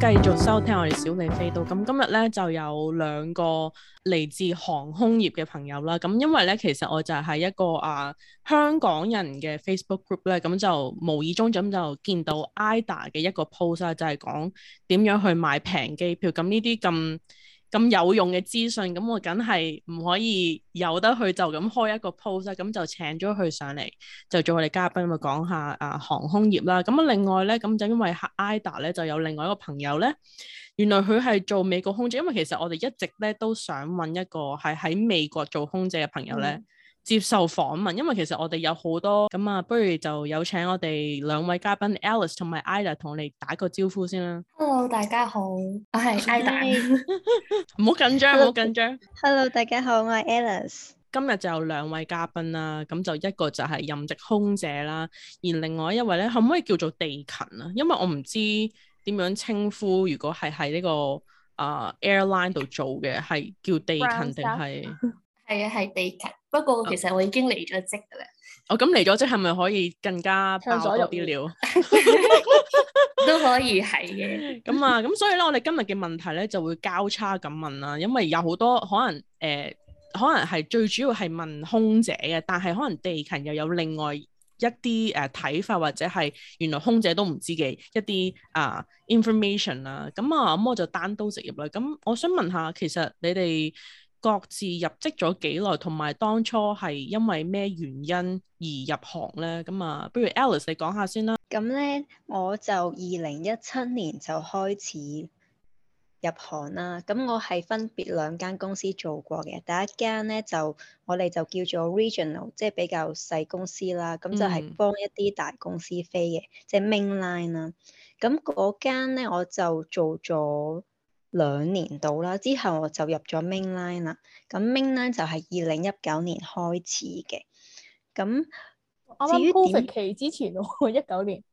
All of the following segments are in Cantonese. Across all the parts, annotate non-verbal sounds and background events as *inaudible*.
繼續收聽我哋小李飛到。咁今日咧就有兩個嚟自航空業嘅朋友啦。咁因為咧，其實我就係一個啊香港人嘅 Facebook group 咧，咁就無意中咁就，就見到 IDA 嘅一個 post 就係講點樣去買平機票。咁呢啲咁。咁有用嘅資訊，咁我梗係唔可以有得去就咁開一個 post 啦，咁就請咗佢上嚟，就做我哋嘉賓，咪講下啊航空業啦。咁啊另外咧，咁就因為 IDA 咧就有另外一個朋友咧，原來佢係做美國空姐，因為其實我哋一直咧都想揾一個係喺美國做空姐嘅朋友咧。嗯接受訪問，因為其實我哋有好多咁啊，不如就有請我哋兩位嘉賓，Alice 同埋 Ida 同我哋打個招呼先啦。Hello，大家好，我係 Ida，唔好緊張，唔好 Hello，緊張。Hello，大家好，我係 Alice。今日就有兩位嘉賓啦，咁就一個就係任職空姐啦，而另外一位咧可唔可以叫做地勤啊？因為我唔知點樣稱呼，如果係喺呢個啊、uh, airline 度做嘅，係叫地勤定係？係啊，係地勤。不過其實我已經離咗職噶啦。哦，咁離咗職係咪可以更加爆多啲料？左 *laughs* 都可以係嘅。咁 *laughs* 啊、嗯、咁、嗯嗯、所以咧，我哋今日嘅問題咧就會交叉咁問啦，因為有好多可能，誒、呃，可能係最主要係問空姐嘅，但係可能地勤又有另外一啲誒睇法，或者係原來空姐都唔知嘅一啲啊、呃、information 啦、嗯。咁、嗯、啊、阿、嗯、我就單刀直入啦。咁、嗯、我想問下，其實你哋各自入職咗幾耐，同埋當初係因為咩原因而入行呢？咁啊，不如 Alice 你講下先啦。咁呢，我就二零一七年就開始入行啦。咁我係分別兩間公司做過嘅，第一間呢，就我哋就叫做 Regional，即係比較細公司啦。咁就係幫一啲大公司飛嘅，即係 Mainline 啦。咁嗰間呢，我就做咗。兩年度啦，之後我就入咗 main line 啦。咁 main line 就係二零一九年開始嘅。咁我至於點？剛剛之前我一九年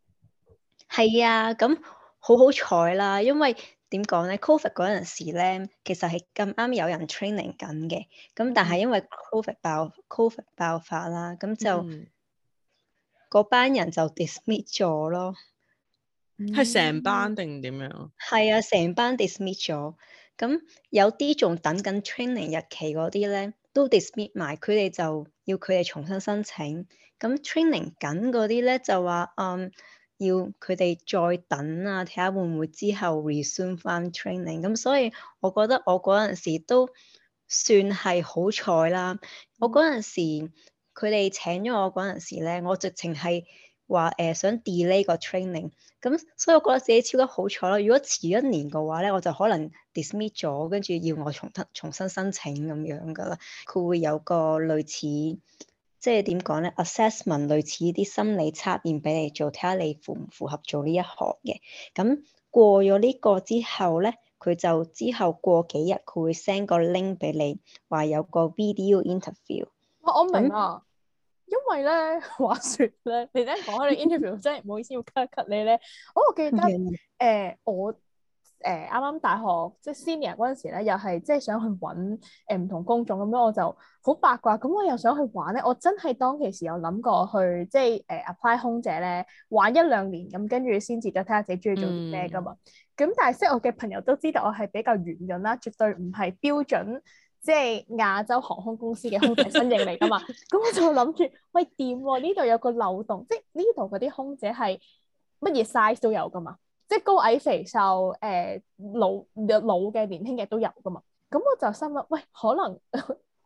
係啊，咁好好彩啦，因為點講咧 covid 嗰陣時咧，其實係咁啱有人 training 緊嘅。咁但係因為 c o v i d 爆 covid 爆發啦，咁就嗰班、嗯、人就 dismiss 咗咯。係成班定點樣？係、嗯嗯、啊，成班 dismiss 咗。咁有啲仲等緊 training 日期嗰啲咧，都 dismiss 埋。佢哋就要佢哋重新申請。咁 training 緊嗰啲咧就話，嗯，要佢哋再等啊，睇下會唔會之後 resume 返 training。咁所以我覺得我嗰陣時都算係好彩啦。我嗰陣時佢哋請咗我嗰陣時咧，我直情係。話誒想 delay 個 training，咁所以我覺得自己超級好彩咯。如果遲一年嘅話咧，我就可能 dismiss 咗，跟住要我重得重新申請咁樣噶啦。佢會有個類似，即係點講咧？assessment 類似啲心理測驗俾你做，睇下你符唔符合做呢一行嘅。咁過咗呢個之後咧，佢就之後過幾日，佢會 send 個 link 俾你，話有個 video interview，啊。我我明啊。嗯因為咧，話說咧，你啱講開你 interview， *laughs* 真係唔好意思要 cut cut 你咧，哦。我記得誒、嗯呃，我誒啱啱大學即係 senior 嗰陣時咧，又係即係想去揾誒唔同工種咁樣，我就好八卦。咁我又想去玩咧，我真係當其時有諗過去即係誒、呃、apply 空姐咧，玩一兩年咁，跟住先至再睇下自己中意做啲咩噶嘛。咁但係識我嘅朋友都知道我係比較圓潤啦，絕對唔係標準。即係亞洲航空公司嘅空姐身形嚟㗎嘛，咁 *laughs* 我就諗住，喂掂喎，呢度、啊、有個漏洞，即係呢度嗰啲空姐係乜嘢 size 都有㗎嘛，即係高矮肥瘦，誒、呃、老老嘅年輕嘅都有㗎嘛，咁、嗯、我就心諗，喂可能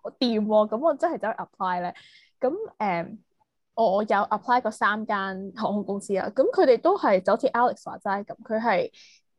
我掂喎，咁、啊嗯、我真係走去 apply 咧，咁誒、嗯、我有 apply 過三間航空公司啦，咁佢哋都係就好似 Alex 話齋咁，佢係。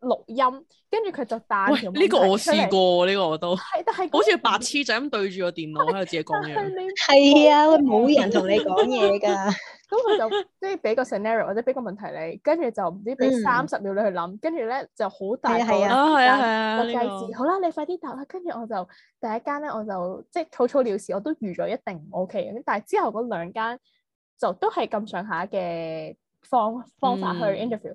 錄音，跟住佢就打。呢個我試過，呢個我都。係，但係好似白痴仔咁對住個電腦喺度自己講嘢。係啊，冇人同你講嘢噶。咁佢就即係俾個 scenario 或者俾個問題你，跟住就唔知俾三十秒你去諗，跟住咧就好大係啊，係啊，計時，好啦，你快啲答啦。跟住我就第一間咧，我就即係草草了事，我都預咗一定唔 OK。但係之後嗰兩間就都係咁上下嘅方方法去 interview。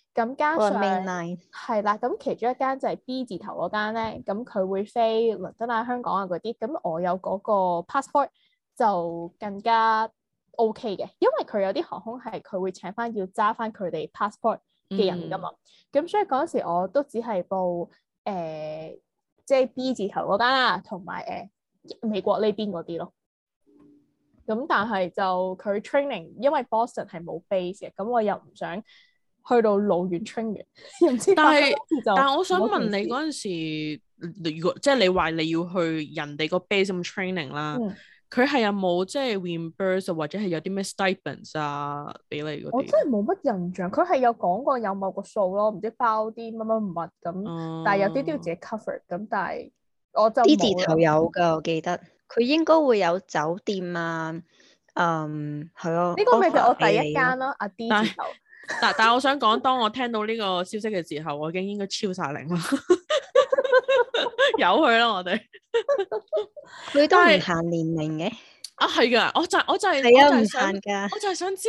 咁加上係啦，咁、oh, main 其中一間就係 B 字頭嗰間咧，咁佢會飛倫敦啊、香港啊嗰啲，咁我有嗰個 passport 就更加 OK 嘅，因為佢有啲航空係佢會請翻要揸翻佢哋 passport 嘅人噶嘛，咁、mm hmm. 所以嗰時我都只係報誒即係 B 字頭嗰間啦、啊，同埋誒美國呢邊嗰啲咯。咁但係就佢 training，因為 Boston 係冇 base 嘅，咁我又唔想。去到老粵春嘅，但係但係我想問你嗰陣時，如果即係、就是、你話你要去人哋個 base 咁 training 啦，佢係、嗯、有冇即係 reimburse 或者係有啲咩 stipends 啊？俾你我真係冇乜印象，佢係有講過有某個數咯，唔知包啲乜乜乜咁，但係有啲都要自己 cover 咁，但係我就 D 字頭有噶， *music* 我記得佢應該會有酒店啊，嗯，係咯，呢個咪就我第一間咯，阿 D 字但 *laughs* 但我想講，當我聽到呢個消息嘅時候，我已經應該超晒齡啦，由佢啦，我哋佢都唔限年齡嘅啊，係噶，我就我就係係啊，唔限噶，我就係想知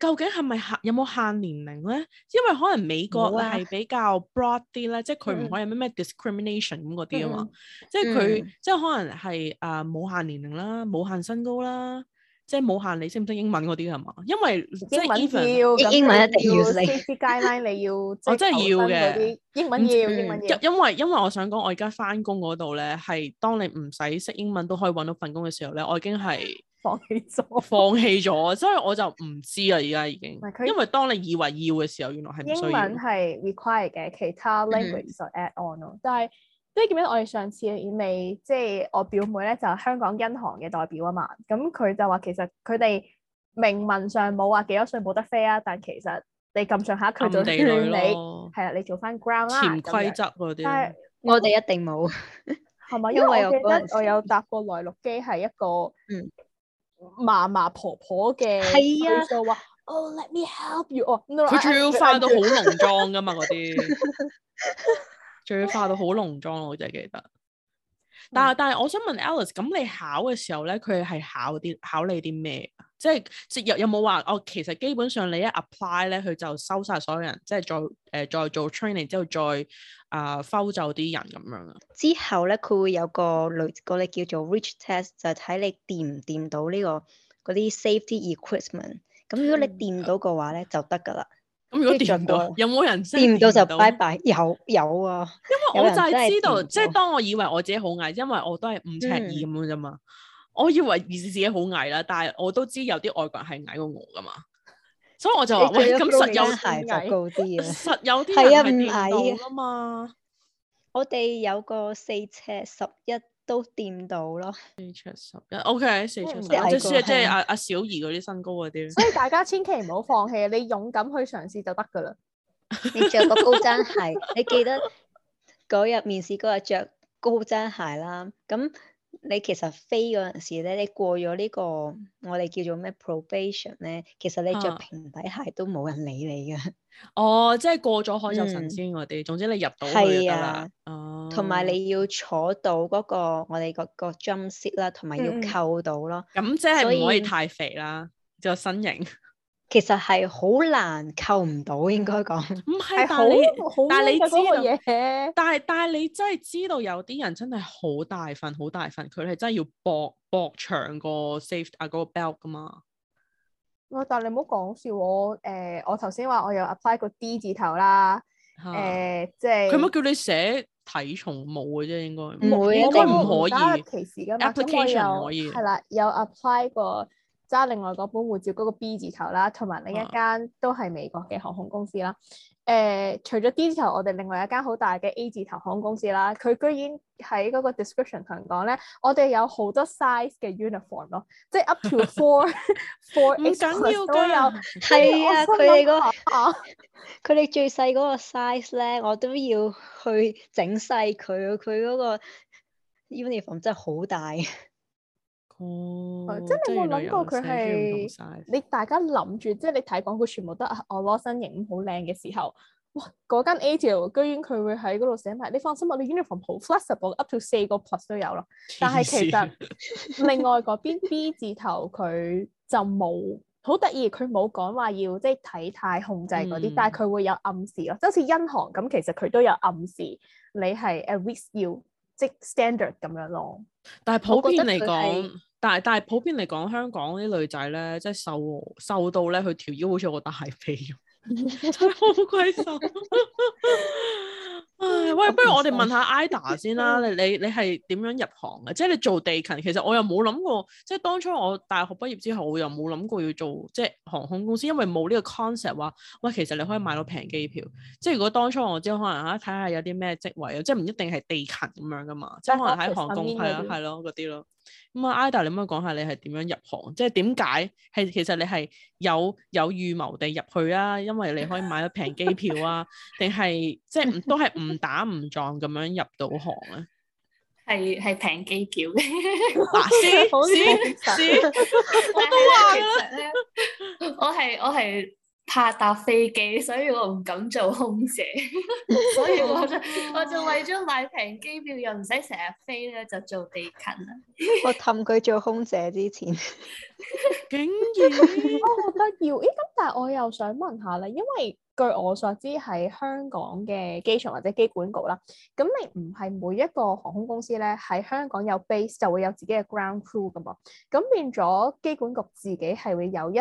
究竟係咪限有冇限年齡咧？因為可能美國係比較 broad 啲咧，即係佢唔可以咩咩 discrimination 咁嗰啲啊嘛，即係佢即係可能係誒冇限年齡啦，冇限身高啦。即係冇限你識唔識英文嗰啲係嘛？因為即即英文要咁，英文一定要你啲 guideline 你要，你要。 *laughs* 我真係要嘅。英文要英文要因為因為我想講，我而家返工嗰度咧，係當你唔使識英文都可以揾到份工嘅時候咧，我已經係放棄咗。放棄咗，所以我就唔知啦，而家已經。因為當你以為要嘅時候，原來係唔需要。英文係 require 嘅，其他 language 就 add on 咯、嗯，但係。即係點樣？我哋上次咪即係我表妹咧，就係、香港恩航嘅代表啊嘛。咁佢就話其實佢哋名文上冇話幾多歲冇得飛啊，但其實你咁上下佢就勸你係啊，你做翻 ground 啦。潛規則嗰啲。是我哋一定冇，係 *laughs* 咪？因為我覺得我有搭過內陸機，係一個嗯嫲嫲婆婆嘅，佢就話：哦說、啊 oh,，let me help you 哦。佢仲要化到好濃妝噶嘛，嗰啲 *laughs* 那些。 *laughs* 最要化到好濃妝，我就記得。但係、嗯、但係，我想問 Alice，咁你考嘅時候咧，佢係考啲考你啲咩？即係即有有冇話哦？其實基本上你一 apply 咧，佢就收晒所有人，即係再誒再做 training 之後再啊撈就啲人咁樣。之後咧，佢會有個類個叫做 reach test，就係睇你掂唔掂到呢、這個嗰啲 safety equipment。咁如果你掂到嘅話咧，嗯、就得㗎啦。就咁、嗯、如果跌唔到，到有冇人跌唔到，到就拜拜？有有啊，因為我就係知道，即係當我以為我自己好矮，因為我都係五尺二咁樣啫嘛。嗯、我以為而自己好矮啦，但係我都知有啲外國人係矮過我噶嘛。所以我就話喂，咁實有啲？實有啲係啊，唔矮啊嘛。我哋有個四尺十一。都掂到咯，四尺十一，O K，四尺十即係即係阿阿小儀嗰啲身高嗰、啊、啲。所以大家千祈唔好放棄啊！ *laughs* 你勇敢去嘗試就得噶啦。你着個高踭鞋， *laughs* 你記得嗰日面試嗰日着高踭鞋啦。咁。你其實飛嗰陣時咧，你過咗呢、這個我哋叫做咩 probation 咧，其實你着平底鞋都冇人理你嘅、啊。哦，即係過咗海就神仙我哋、嗯、總之你入到去得、啊、哦，同埋你要坐到嗰、那個我哋、那個、那個 jump seat 啦，同埋要扣到咯。咁、嗯、以即係唔可以太肥啦，就、這個、身形。其實係好難，扣唔到應該講。唔係，但係你，但係你知道，但係但係你真係知道有啲人真係好大份，好大份，佢係真係要搏搏長個 safe 啊嗰個 belt 噶嘛。哇！但係你唔好講笑，我誒我頭先話我有 apply 個 D 字頭啦，誒即係。佢冇叫你寫體重冇嘅啫，應該唔應該唔可以歧視㗎嘛？Application 可以。係啦，有 apply 個。加另外嗰本護照嗰個 B 字頭啦，同埋另一間都係美國嘅航空公司啦。誒、啊呃，除咗 D 字頭，我哋另外一間好大嘅 A 字頭航空公司啦，佢居然喺嗰個 description 同人講咧，我哋有好多 size 嘅 uniform 咯，即係 up to four *laughs* four。咁緊要嘅有，係有啊！佢哋個啊，佢哋、嗰個、 *laughs* 最細嗰個 size 咧，我都要去整細佢，佢嗰個 uniform 真係好大。哦，即係你冇諗過佢係你大家諗住，即係你睇廣告全部都我攞身形好靚嘅時候，哇！嗰間 A.T.L. 居然佢會喺嗰度寫埋，你放心我哋 uniform 好 flexible，up to 四個 plus 都有咯。但係其實另外嗰邊 *laughs* B 字頭佢就冇好得意，佢冇講話要即係體態控制嗰啲，嗯、但係佢會有暗示咯，即好似英航咁，其實佢都有暗示你係誒 with 要即 standard 咁樣咯。但係普遍嚟講。但係但係普遍嚟講，香港啲女仔咧，即係瘦瘦到咧，佢條腰好似個大髀咁，呵呵 *laughs* 真係好鬼瘦。 *laughs* 唉，喂，不如我哋問下 IDA 先啦。 *laughs* 你你你係點樣入行嘅？即係你做地勤，其實我又冇諗過。即係當初我大學畢業之後，我又冇諗過要做即係航空公司，因為冇呢個 concept 話，喂，其實你可以買到平機票。即係如果當初我知，可能吓睇下有啲咩職位啊，即係唔一定係地勤咁樣噶嘛。即係可能喺航空係啊，係咯、啊，嗰啲咯、啊。咁啊，Ada，你可唔可以講下你係點樣入行？嗯、即係點解係？其實你係有有預謀地入去啊？因為你可以買得平機票啊？定係 *laughs* 即係都係誤打誤撞咁樣入到行 *laughs* 啊？係係平機票嘅，白痴，我都話啦，我係我係。怕搭飛機，所以我唔敢做空姐， *laughs* 所以我就我就為咗買平機票又唔使成日飛咧，就做地勤啦。 *laughs* 我氹佢做空姐之前，竟然我覺得要。咦、欸？咁但係我又想問下咧，因為據我所知喺香港嘅機場或者機管局啦，咁你唔係每一個航空公司咧喺香港有 base 就會有自己嘅 ground crew 噶嘛？咁變咗機管局自己係會有一。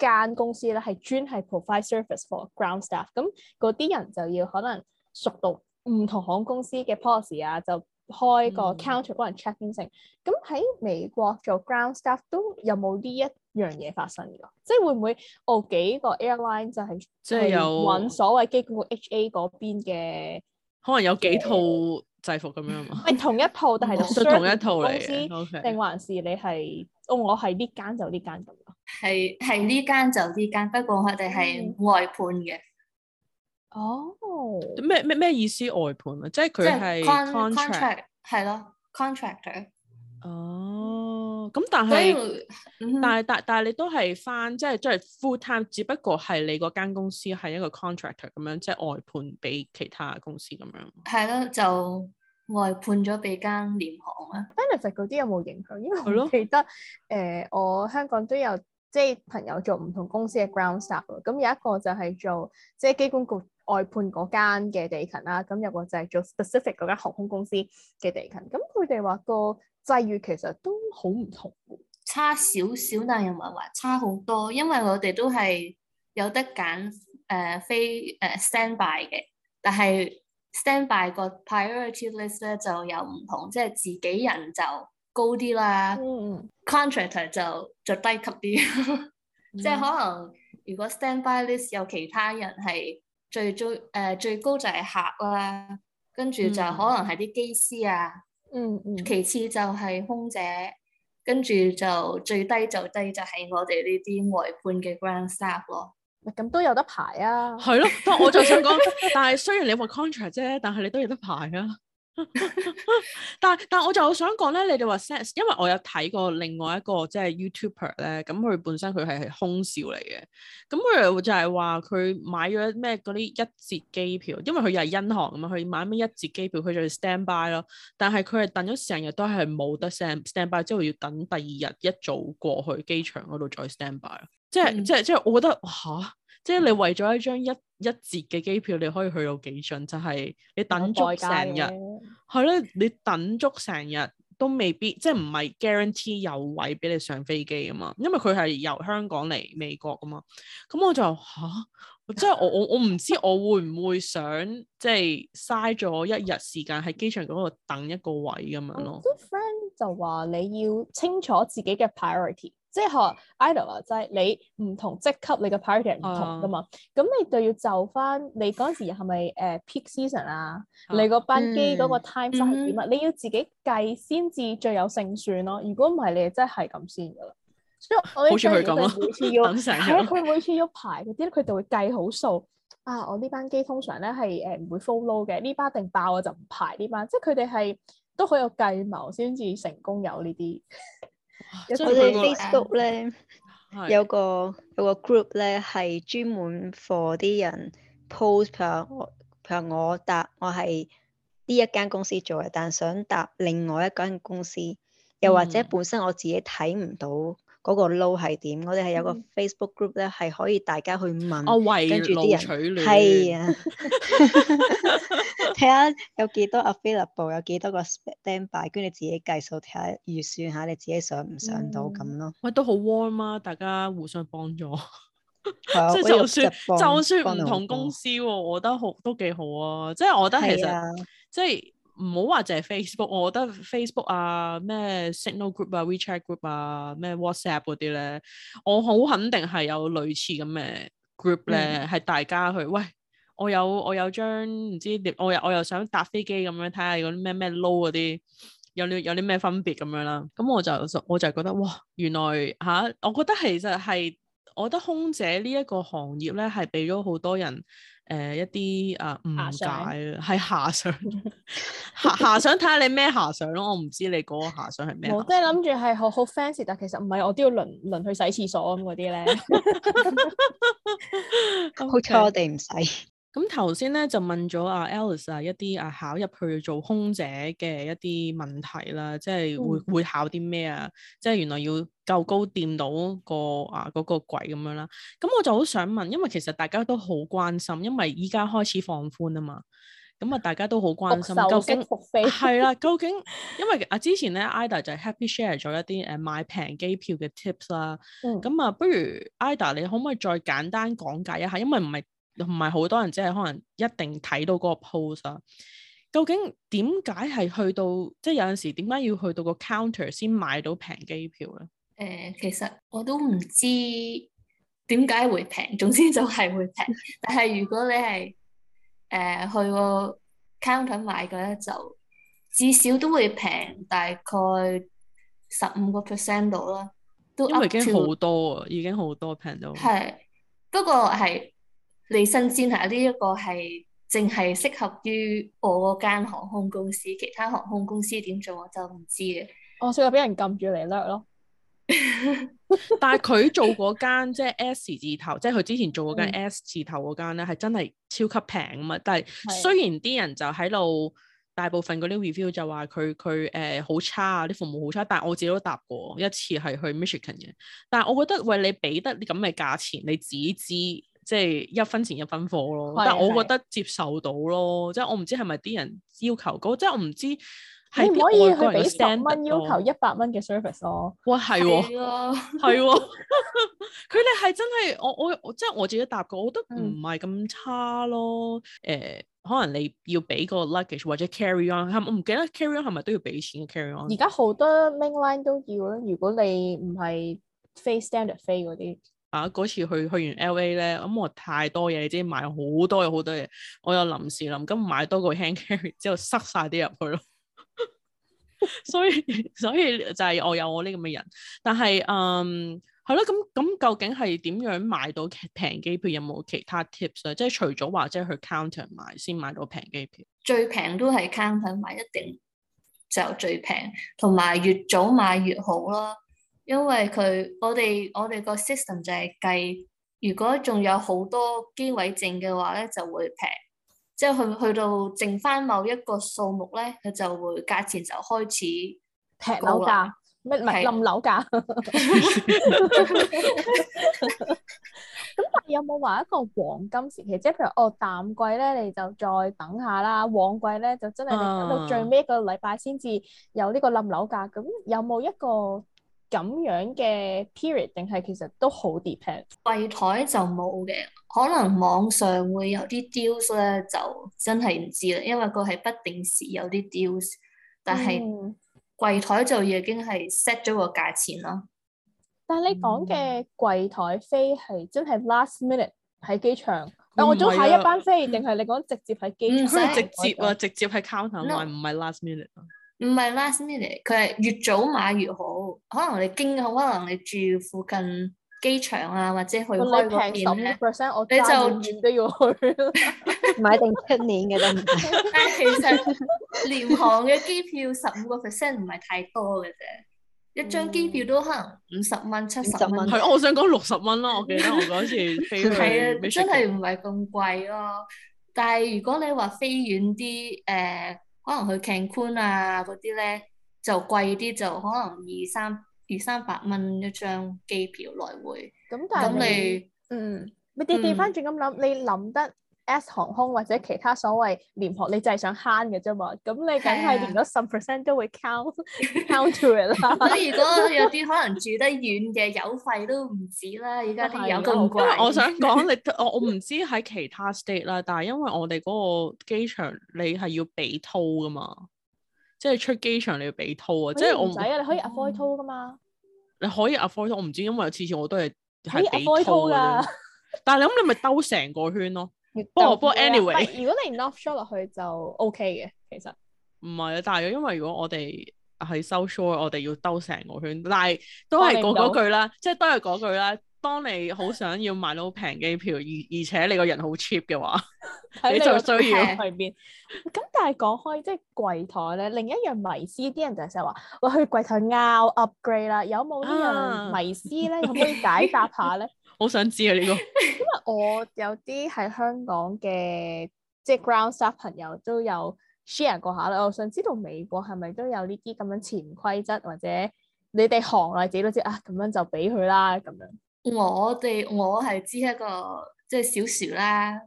間公司咧係專係 provide service for ground staff，咁嗰啲人就要可能熟讀唔同航空公司嘅 policy 啊，就開個 counter 幫、嗯、人 check in 成。咁喺美國做 ground staff 都有冇呢一樣嘢發生㗎？即係會唔會？哦，幾個 airline 就係，是，即係有揾所謂機管局 HA 嗰邊嘅，可能有幾套。制服咁樣嘛？係 *laughs* 同一套，但係就同一套嚟嘅。定、okay、還是你係？哦，我係呢間就呢間咁咯。係係呢間就呢間，不過我哋係外判嘅。嗯、哦。咩咩咩意思？外判啊，即係佢係 contract，係咯 contract 哦。咁但係，但係但但係你都係翻即係即係 full time，只不過係你嗰間公司係一個 contractor 咁樣，即係外判俾其他公司咁樣。係咯，就外判咗俾間廉航啊。Benefit 嗰啲有冇影響？因為我記得誒，我香港都有即係朋友做唔同公司嘅 ground staff 咁有一個就係做即係機管局外判嗰間嘅地勤啦。咁有一個就係做 specific 嗰間航空公司嘅地勤。咁佢哋話個際遇其實都好唔同，差少少，但又唔係話差好多，因為我哋都係有得揀，誒、呃、非誒、呃、standby 嘅。但係 standby 個 priority list 咧就有唔同，即、就、係、是、自己人就高啲啦、嗯、contractor 就就低級啲。 *laughs* 嗯、即係可能如果 standby list 有其他人係最最誒、呃、最高就係客啦，跟住就可能係啲機師啊。嗯嗯嗯嗯，其次就係空姐，跟住就最低就低就係我哋呢啲外判嘅 ground staff 咯、嗯。咁、嗯、都有得排啊？係咯，我就想講，但係雖然你話 contract 啫，但係你都有得排啊。 *laughs* *laughs* 但係但係我就想講咧，你哋話 sense，因為我有睇過另外一個即係 YouTuber 咧，咁佢本身佢係空少嚟嘅，咁佢就係話佢買咗咩嗰啲一折機票，因為佢又係因航咁啊，佢買咩一折機票，佢就要 stand by 咯，但係佢係等咗成日都係冇得 stand stand by，之後要等第二日一早過去機場嗰度再 stand by，即係、嗯、即係即係，即我覺得吓。啊即係你為咗一張一一折嘅機票，你可以去到幾盡？就係、是、你等足成日，係咯，你等足成日都未必，即係唔係 guarantee 有位俾你上飛機啊嘛？因為佢係由香港嚟美國啊嘛。咁我就吓？即係我我我唔知我會唔會想即係嘥咗一日時間喺機場嗰度等一個位咁樣咯。啲 friend 就話你要清楚自己嘅 priority。即係學 IDA 即係你唔同職級，你個 priority 唔同噶嘛。咁、uh, 你就要就翻你嗰陣時係咪誒 peak season 啊？Uh, 你個班機嗰個 time 係點啊？你要自己計先至最有勝算咯、啊。如果唔係，你哋真係咁先噶啦。所以我覺得佢哋每次要，係佢、 *laughs* 嗯、每次要排嗰啲佢就會計好數。啊，我呢班機通常咧係誒唔會 follow 嘅，呢班一定爆我就唔排呢班。即係佢哋係都好有計謀先至成功有呢啲。我哋 Facebook 咧有個 *noise* 有，個，有個 group 咧，係專門 for 啲人 post。譬如話我，我答：「我係呢一間公司做嘅，但想答另外一間公司，又或者本身我自己睇唔到。」嗯嗰個 low 係點？我哋係有個 Facebook group 咧，係可以大家去問，跟住啲人取暖係啊。睇下有幾多 available，有幾多個 standby，跟住你自己計數睇下預算下，你自己上唔上到咁、嗯、咯。喂，都好 warm 啊！大家互相幫助，即係就算就算唔同公司，我覺得 *laughs* 算石好， *laughs* 覺得好都幾好啊！即 *laughs* 係我覺得其實即係。 *laughs* *laughs* *laughs* 唔好話淨係 Facebook，我覺得 Facebook 啊、咩 Signal Group 啊、WeChat Group 啊、咩 WhatsApp 嗰啲咧，我好肯定係有類似咁嘅 group 咧，係、嗯、大家去喂，我有我有張唔知點，我又我又想搭飛機咁樣睇下嗰啲咩咩 low 嗰啲有啲有啲咩分別咁樣啦。咁我就我就係覺得，哇，原來嚇我覺得其實係我覺得空姐呢一個行業咧係俾咗好多人誒、呃、一啲啊、呃、誤解，係下上。是下上 *laughs* 遐想，睇下你咩遐想咯，我唔知你嗰個遐想係咩。我即係諗住係好好 fancy，但其實唔係，我都要輪輪去洗廁所咁嗰啲咧。好彩我哋唔使。咁頭先咧就問咗阿 Alice 啊一啲啊考入去做空姐嘅一啲問題啦，即係會、嗯、會考啲咩啊？即係原來要夠高掂到、嗰個啊嗰、嗰個櫃咁樣啦。咁我就好想問，因為其實大家都好關心，因為依家開始放寬啊嘛。咁啊，大家都好關心究竟係啦， *laughs* 究竟因為啊之前咧，IDA 就係 Happy Share 咗一啲誒買平機票嘅 tips 啦。咁啊、嗯，不如 IDA 你可唔可以再簡單講解一下？因為唔係唔係好多人，即係可能一定睇到嗰個 post 啊。究竟點解係去到即係、就是、有陣時點解要去到個 counter 先買到平機票咧？誒、呃，其實我都唔知點解會平，總之就係會平。但係如果你係誒、呃、去個 counter 買嘅咧，就至少都會平大概十五個 percent 度啦，都 to，因為已經好多啊，已經好多平到。係不過係你新鮮係呢一下、個係淨係適合於我間航空公司，其他航空公司點做我就唔知嘅。我成日俾人撳住嚟擸咯。 *laughs* 但係佢做嗰間即係 S 字頭，即係佢之前做嗰間 S 字頭嗰間咧，係、嗯、真係超級平啊嘛！但係雖然啲人就喺度，大部分嗰啲 review 就話佢佢誒好差啊，啲、這個、服務好差。但係我自己都搭過一次係去 Michigan 嘅，但係我覺得喂，你俾得啲咁嘅價錢，你只知即係、就是、一分錢一分貨咯。是但係我覺得接受到咯，即係我唔知係咪啲人要求高，即係我唔知。你唔可以去俾成蚊要求一百蚊嘅 service 咯。哇，係喎、啊，係喎、啊，佢哋係真係，我我即係我自己答過，我覺得唔係咁差咯。誒、嗯欸，可能你要俾個 luggage 或者 carry on，係我唔記得 carry on 係咪都要俾錢 carry on？而家好多 mainline 都要啦。如果你唔係非 standard fee 嗰啲，啊，嗰次去去完 LA 咧，咁我太多嘢，你知買好多嘢，好多嘢，我又臨時臨急買多個 hand carry，之後塞晒啲入去咯。 *laughs* 所以所以就係我有我呢咁嘅人，但係嗯係咯，咁咁究竟係點樣買到平機票有冇其他 tips 咧？即係除咗話即係去 counter 買先買到平機票，最平都係 counter 買一定就最平，同埋越早買越好咯，因為佢我哋我哋個 system 就係計如果仲有好多機位剩嘅話咧，就會平。即係去去到剩返某一個數目咧，佢就會價錢就開始劈價對樓價，唔係冧樓價。咁但係有冇話一個黃金時期？即係譬如哦淡季咧，你就再等下啦。旺季咧就真係等到最尾一個禮拜先至有呢個冧樓價。咁 Gear、嗯、有冇一個？咁樣嘅 period 定係其實都好 depend 櫃台就冇嘅，可能網上會有啲 deals 咧，就真係唔知啦，因為佢係不定時有啲 deals。但係櫃台就已經係 set 咗個價錢咯、嗯。但係你講嘅櫃台飛係真係 last minute 喺機場，但、嗯哦、我早下一班飛，定係、嗯、你講直接喺機場？佢係、嗯、直接喎、啊，啊、直接喺 counter 買，唔係、嗯、last minute 唔係 last minute 佢係越早買越好。可能你經，可能你住附近機場啊，或者去嗰邊咧，你就遠都要去。 *laughs* *laughs* 買定出年嘅啦。對對 *laughs* 但其實廉航嘅機票十五個 percent 唔係太多嘅啫，嗯、一張機票都可能五十蚊、七十蚊。係我想講六十蚊啦，我記得 *laughs* 我嗰次飛去。係啊，真係唔係咁貴咯。但係如果你話飛遠啲，誒、呃。可能去 Cancun 啊，嗰啲咧就貴啲，就可能二三二三百蚊一張機票來回。咁但係咁你嗯，嗯你跌跌翻轉咁諗，嗯、你諗得？S S 航空或者其他所謂廉航，你就係想慳嘅啫嘛？咁你梗係連嗰十 percent 都會 count *laughs* count to 啦。咁如果有啲可能住得遠嘅油費都唔止啦，而家啲油咁貴。 *laughs* 我想講 *laughs* 你我我唔知喺其他 state 啦，但係因為我哋嗰個機場你係要俾套噶嘛，即係出機場你要俾套啊！以即係我唔使啊，你可以 afford to 噶嘛？你、嗯、可以 afford to，我唔知，因為次次我都係 afford 噶。但係你諗，你咪兜成個圈咯。 *laughs* 不過不過，anyway，如果你 not show 落去就 OK 嘅，其實唔係啊，但係因為如果我哋係收 show，我哋要兜成個圈，但係都係講嗰句啦，即係都係嗰句啦。當你好想要買到平機票，而而且你個人好 cheap 嘅話， *laughs* 你最需要去邊？咁但係講開即係櫃台咧，另一樣迷思，啲人就成日話，我去櫃台拗 upgrade 啦，有冇啲人迷思咧？可唔可以解答下咧？ *laughs* 好想知啊！呢個因為我有啲喺香港嘅即係 ground staff 朋友都有 share 過下啦，我想知道美國係咪都有呢啲咁樣潛規則，或者你哋行內自己都知啊，咁樣就俾佢啦咁樣。我哋我係知一個即係、就是、少少啦，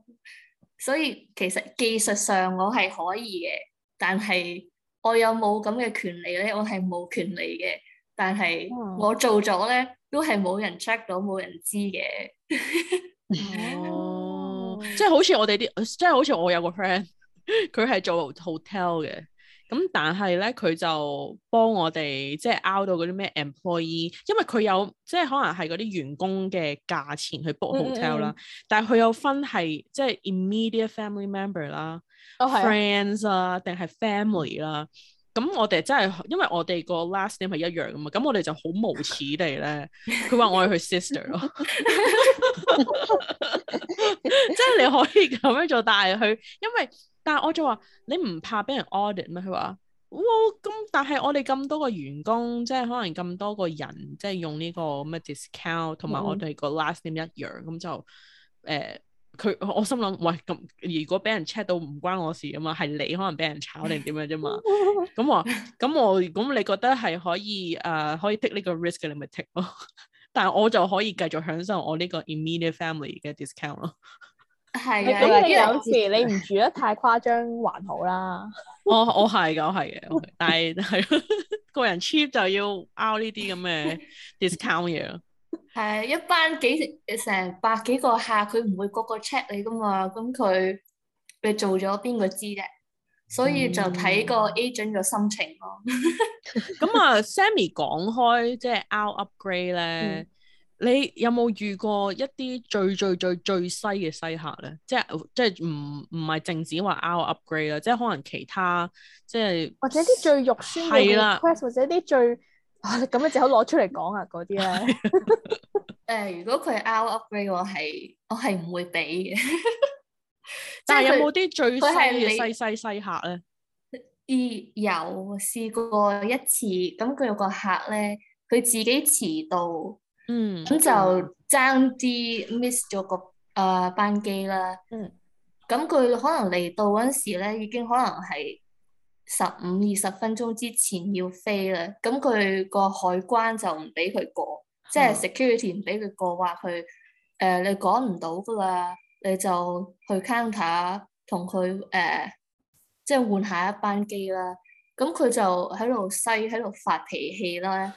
所以其實技術上我係可以嘅，但係我有冇咁嘅權利咧？我係冇權利嘅。但係我做咗咧，都係冇人 check 到，冇人知嘅。 *laughs* 哦， *laughs* 哦即係好似我哋啲，即係好似我有個 friend，佢係做 hotel 嘅。咁但係咧，佢就幫我哋即係 out 到嗰啲咩 employee，因為佢有即係可能係嗰啲員工嘅價錢去 book hotel 啦。嗯嗯嗯，但係佢有分係即係 immediate family member 啦，friends、哦、啊，定係、啊、family 啦、啊。咁、嗯、我哋真係，因為我哋個 last name 係一樣嘅嘛，咁我哋就好無恥地咧，佢話我係佢 sister 咯， *laughs* *laughs* 即係你可以咁樣做，但係佢因為，但係我就話你唔怕俾人 audit 咩？佢話哇咁，但係我哋咁多個員工，即係可能咁多個人，即係用呢個咩 discount，同埋我哋個 last name 一樣，咁、嗯、就誒。呃佢，我心諗，喂，咁如果俾人 check 到唔關我事啊嘛，係你可能俾人炒定點樣啫嘛。咁我咁我咁，你覺得係可以誒，可以 take 呢個 risk 嘅，你咪 take 咯，但係我就可以繼續享受我呢個 immediate family 嘅 discount 咯。係啊，咁你有時你唔住得太誇張，還好啦。我我係噶，我係嘅，但係個人 cheap 就要 out 呢啲咁嘅 discount 嘢。係一班幾成百幾個客，佢唔會個個 check 你噶嘛，咁佢你做咗邊個知啫？所以就睇個 agent 嘅心情咯。咁啊，Sammy 講開即係 out upgrade 咧，嗯、你有冇遇過一啲最、最最最最西嘅西客咧？即係即係唔唔係淨止話 out upgrade 啦，即係可能其他即係或者啲最肉酸嘅 request，或者啲最。咁、哦、樣只好攞出嚟講啊，嗰啲咧。誒、 *laughs* *laughs* 呃，如果佢係 out upgrade 嘅話，我係我係唔會俾嘅。 *laughs* 但係有冇啲最細嘅細細細客咧？咦，有試過一次，咁佢有個客咧，佢自己遲到，嗯，咁就爭啲 miss 咗個誒、呃、班機啦。嗯。咁佢可能嚟到嗰時咧，已經可能係。十五二十分鐘之前要飛啦，咁佢個海關就唔俾佢過，即係、嗯、security 唔俾佢過，話佢誒你趕唔到㗎啦，你就去 counter 同佢誒，即、呃、係、就是、換下一班機啦。咁佢就喺度嘥，喺度發脾氣啦。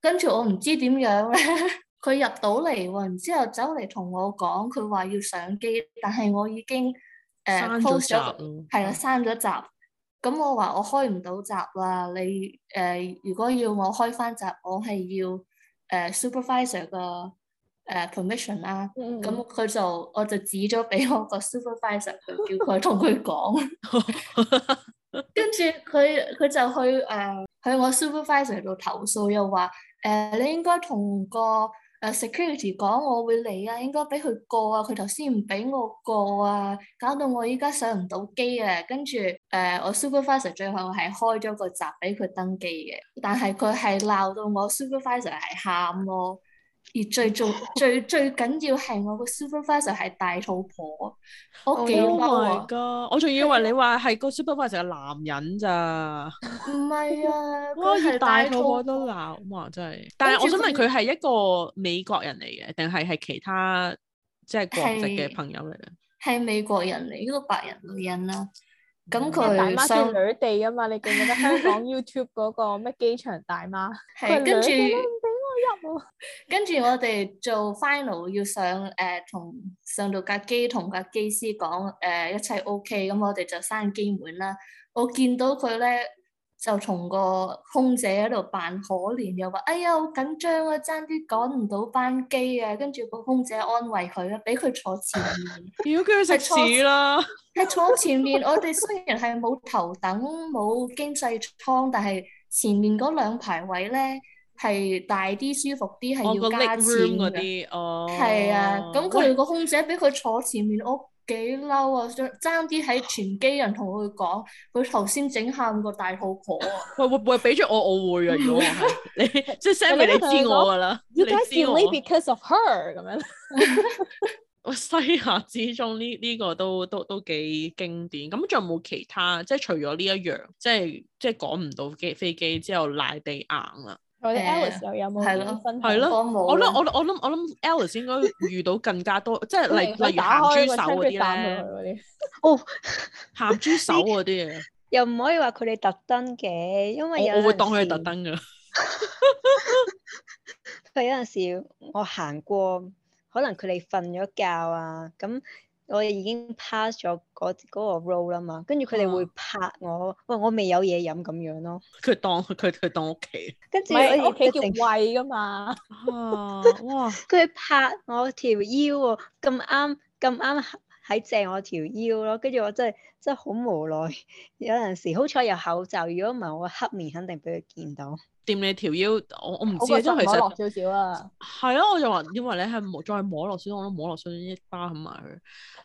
跟住我唔知點樣咧，佢 *laughs* 入到嚟喎，然之後走嚟同我講，佢話要上機，但係我已經誒 post 咗，係、呃、啦，閂咗閘。咁我話我開唔到閘啦，你誒、呃、如果要我開翻閘，我係要誒 supervisor 嘅誒 permission 啦。咁、呃、佢、呃啊 mm hmm. 就我就指咗俾我個 supervisor，佢叫佢同佢講。 *laughs* *laughs* 跟住佢佢就去誒、呃、去我 supervisor 度投訴，又話誒、呃、你應該同個。誒 security 講我會嚟啊，應該俾佢過啊，佢頭先唔俾我過啊，搞到我依家上唔到機啊，跟住誒我 supervisor 最後係開咗個閘俾佢登機嘅，但係佢係鬧到我 supervisor 係喊咯。而最，最，最重最最緊要係我個 supervisor 係大肚婆，我幾耐？啊！我仲以為你話係個 supervisor 係男人咋？唔係啊、哦越，哇！連大肚婆都鬧嘛，真係。但係我想問佢係一個美國人嚟嘅，定係係其他即係國籍嘅朋友嚟嘅？係美國人嚟，呢個白人女人啦。咁佢、嗯、大媽女地啊嘛？ *laughs* 你記唔記得香港 YouTube 嗰個咩機場大媽？係跟住。哎、跟住我哋做 final 要上誒、呃，同上到架機，同架機師講誒、呃，一切 O K，咁我哋就閂機門啦。我見到佢咧，就同個空姐喺度扮可憐，又話哎呀好緊張啊，爭啲趕唔到班機啊。跟住個空姐安慰佢啦，俾佢坐前面。如果佢食屎啦！係坐，坐前面， *laughs* 我哋雖然係冇頭等，冇經濟艙，但係前面嗰兩排位咧。係大啲舒服啲，係要加錢噶。哦，係啊，咁佢個空姐俾佢坐前面，我幾嬲啊！爭啲喺全機人同佢講，佢頭先整喊個大肚婆啊！佢會唔會俾咗我，我會啊！如果係你，即係 send 俾你知我噶啦。You guys delay because of her 咁樣。我 *laughs* *laughs* *laughs* 西夏之中呢呢、這個這個都都都幾經典。咁仲有冇其他？即係除咗呢一樣，即係即係講唔到機飛機之後賴地硬啊。我哋 Alice 又有冇啲分享？我冇。我諗我我我諗 Alice 先應該遇到更加多，即係例 *laughs* 例如鹹豬手嗰啲 *laughs* *laughs* 哦，鹹豬手嗰啲嘢。又唔可以話佢哋特登嘅，因為 *laughs* 我，我會當佢哋特登㗎。佢 *laughs* *laughs* 有陣時我行過，可能佢哋瞓咗覺啊，咁。我已經 pass 咗嗰個 roll 啦嘛，跟住佢哋會拍我，喂、啊、我未有嘢飲咁樣咯。佢當佢佢當屋企，跟住喺屋企叫胃噶嘛、 *laughs* 啊。哇！佢拍我條腰喎，咁啱咁啱喺正我條腰咯，跟住我，我真係真係好無奈。有陣時好彩有口罩，如果唔係我黑面肯定俾佢見到。掂你條腰，我我唔知啊，因少少啊。係啊，我就話因為你係摸再摸落少，我都摸落少一巴冚埋去。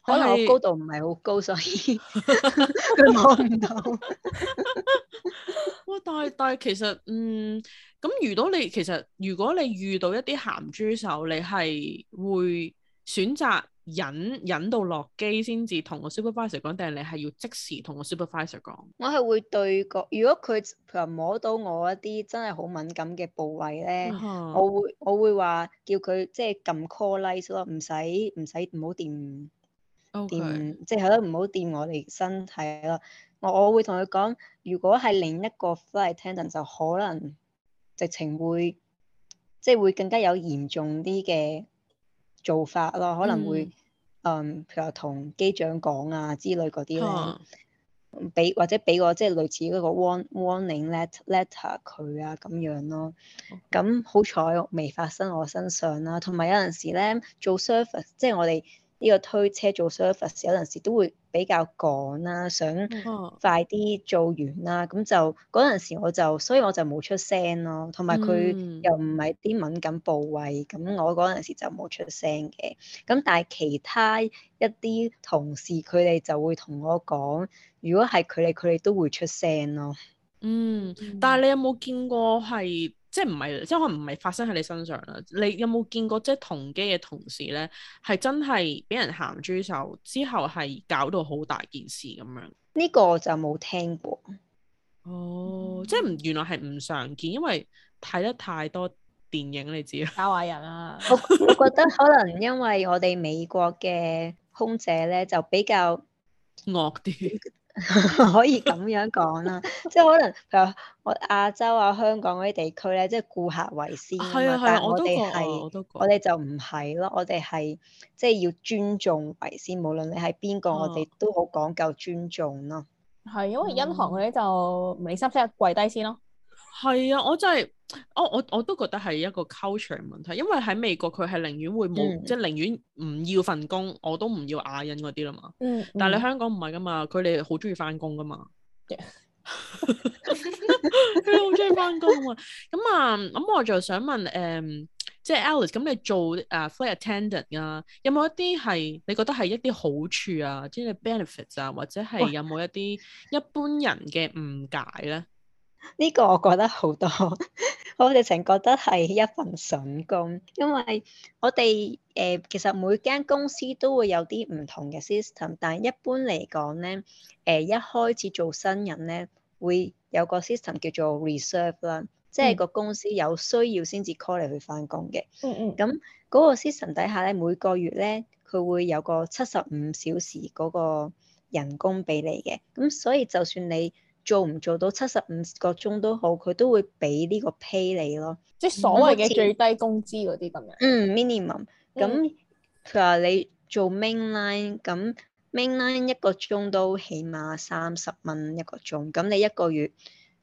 可能我高度唔係好高，所以佢摸唔到。哇！ *laughs* *laughs* 但係但係其實嗯，咁如果你其實如果你遇到一啲鹹豬手，你係會選擇？引引到落機先至同個 supervisor 講，定係你係要即時同個 supervisor 講？我係會對個，如果佢譬如摸到我一啲真係好敏感嘅部位咧、啊，我會我會話叫佢即係撳 call light 咯，唔使唔使唔好掂掂，即係都唔好掂我哋身體咯。我我會同佢講，如果係另一個 flight attendant 就可能直情會即係會更加有嚴重啲嘅。做法咯，可能會，mm. 嗯，譬如話同機長講啊之類嗰啲咧，俾、oh. 或者俾個即係類似嗰個 warning let letter 佢啊咁樣咯。咁、oh. 好彩未發生我身上啦、啊。同埋有陣時咧做 service 即係我哋。呢個推車做 service 有陣時都會比較趕啦，想快啲做完啦，咁、哦、就嗰陣時我就，所以我就冇出聲咯。同埋佢又唔係啲敏感部位，咁我嗰陣時就冇出聲嘅。咁但係其他一啲同事佢哋就會同我講，如果係佢哋，佢哋都會出聲咯。嗯，但係你有冇見過係？即係唔係，即係我唔係發生喺你身上啦。你有冇見過即係同機嘅同事咧，係真係俾人鹹豬手之後係搞到好大件事咁樣？呢個就冇聽過。哦、oh, 嗯，即係唔原來係唔常見，因為睇得太多電影，你知啦。搞壞人啦，我我覺得可能因為我哋美國嘅空姐咧就比較惡啲。 *laughs* *laughs* 可以咁樣講啦， *laughs* 即係可能，譬如我亞洲啊、香港嗰啲地區咧，即係顧客為先。係啊係啊，我都講，我都講，我哋就唔係咯，我哋係即係要尊重為先，無論你係邊個，哦、我哋都好講究尊重咯。係、啊，因為銀行佢啲就唔理，使唔使跪低先咯。係啊，我真係，我我我都覺得係一個 culture 問題，因為喺美國佢係寧願會冇，即係寧願唔要份工，我都唔要亞人嗰啲啦嘛。嗯嗯、但係你香港唔係噶嘛，佢哋好中意翻工噶嘛，佢哋好中意翻工啊。咁啊，咁我就想問，誒、嗯，即係 Alice，咁你做啊、uh, flight attendant 啊，有冇一啲係你覺得係一啲好處啊，即、就、係、是、benefits 啊，或者係有冇一啲一般人嘅誤解咧？喂 *laughs* 呢個我覺得好多， *laughs* 我哋成日覺得係一份筍工，因為我哋誒、呃、其實每間公司都會有啲唔同嘅 system，但係一般嚟講咧，誒、呃、一開始做新人咧，會有個 system 叫做 reserve 啦，即係個公司有需要先至 call 你去翻工嘅。嗯嗯。咁嗰個 system 底下咧，每個月咧，佢會有個七十五小時嗰個人工俾你嘅，咁所以就算你，做唔做到七十五個鐘都好，佢都會俾呢個 pay 你咯，即係所謂嘅最低工資嗰啲咁樣。嗯、mm，minimum、mm。咁譬如話你做 mainline，咁 mainline 一個鐘都起碼三十蚊一個鐘，咁你一個月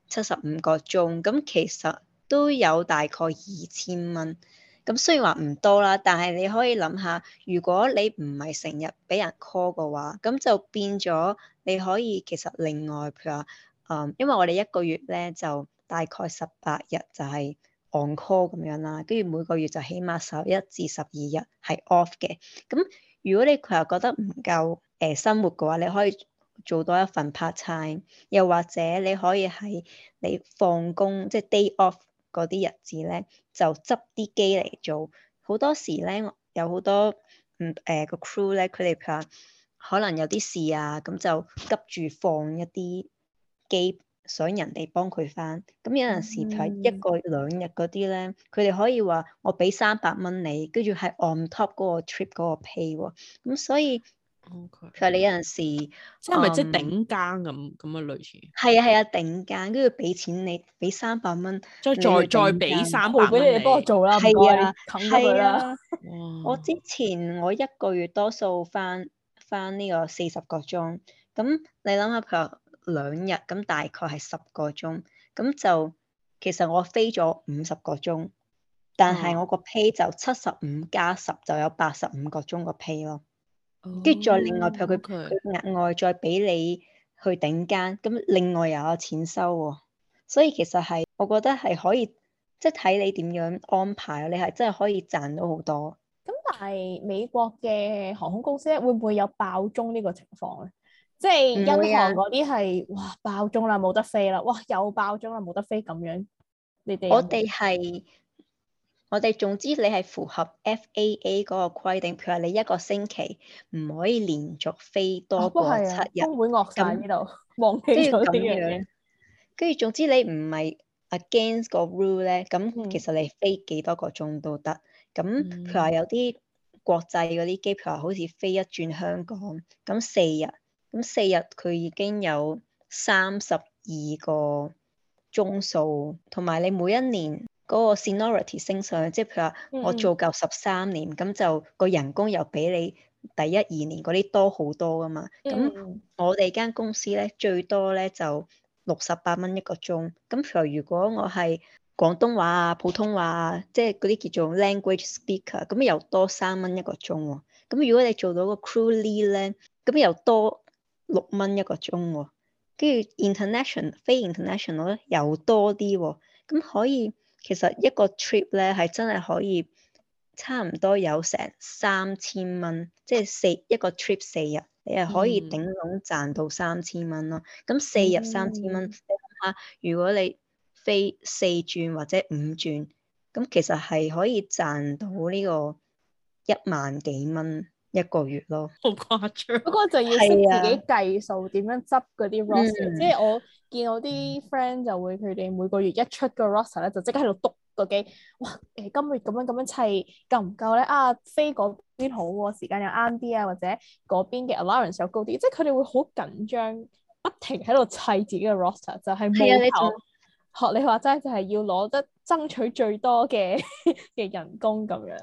七十五個鐘，咁其實都有大概二千蚊。咁雖然話唔多啦，但係你可以諗下，如果你唔係成日俾人 call 嘅話，咁就變咗你可以其實另外譬如話。嗯，um, 因為我哋一個月咧就大概十八日就係 on call 咁樣啦，跟住每個月就起碼十一至十二日係 off 嘅。咁、嗯、如果你佢又覺得唔夠誒、呃、生活嘅話，你可以做多一份 part time，又或者你可以喺你放工即係 day off 嗰啲日子咧，就執啲機嚟做。好多時咧有好多嗯誒、呃、個 crew 咧，佢哋譬如可能有啲事啊，咁、嗯、就急住放一啲。寄想人哋幫佢返，咁有陣時係一個兩日嗰啲咧，佢哋可以話我俾三百蚊你，跟住係 on top 嗰個 trip 嗰個 pay 喎，咁所以，佢話你有陣時，即係咪即係頂更咁咁嘅類似？係啊係啊，頂更，跟住俾錢你，俾三百蚊，再再再俾三百蚊你，幫我做啦，係啊，係啊，我之前我一個月多數返返呢個四十個鐘，咁你諗下佢。兩日咁大概係十個鐘，咁就其實我飛咗五十個鐘，但係我個 pay 就七十五加十就有八十五個鐘個 pay 咯、哦。跟住再另外佢佢 okay. 額外再俾你去頂間，咁另外又有錢收喎、哦。所以其實係我覺得係可以，即係睇你點樣安排，你係真係可以賺到好多。咁但係美國嘅航空公司會唔會有爆鐘呢個情況咧？即係陰航嗰啲係，哇爆鐘啦，冇得飛啦！哇又爆鐘啦，冇得飛咁樣。你哋我哋係，我哋總之你係符合 F A A 嗰個規定，譬如話你一個星期唔可以連續飛多過七日，哦會,啊、會惡曬呢度，忘記咗啲嘢。跟住總之你唔係 against 個 rule 咧、嗯，咁其實你飛幾多個鐘都得。咁譬如話有啲國際嗰啲機票，譬如話好似飛一轉香港咁四日。咁四日佢已經有三十二個鐘數，同埋你每一年嗰個 seniority 升上去。即係譬如話我做夠十三年，咁、mm hmm. 就個人工又比你第一二年嗰啲多好多噶嘛。咁、mm hmm. 我哋間公司咧最多咧就六十八蚊一個鐘。咁譬如如果我係廣東話啊、普通話啊，即係嗰啲叫做 language speaker，咁又多三蚊一個鐘喎、啊。咁如果你做到個 crew lead 咧，咁又多。六蚊一個鐘喎、哦，跟住 international 非 international 咧又多啲喎、哦，咁可以其實一個 trip 咧係真係可以差唔多有成三千蚊，即係四一個 trip 四日，你係可以頂籠賺到三千蚊咯。咁、嗯、四日三千蚊，你諗下如果你飛四轉或者五轉，咁其實係可以賺到呢個一萬幾蚊。一個月咯，好誇張。不過就要識自己計數，點樣執嗰啲 roster。嗯、即係我見我啲 friend 就會佢哋、嗯、每個月一出個 roster 咧，就即刻喺度篤個機。哇！誒、欸，今月咁樣咁樣砌夠唔夠咧？啊，飛嗰邊好喎，時間又啱啲啊，或者嗰邊嘅 allowance 又高啲。即係佢哋會好緊張，不停喺度砌自己嘅 roster，就係咩？頭。學你話齋，就係、是啊就是、要攞得爭取最多嘅嘅人工咁樣。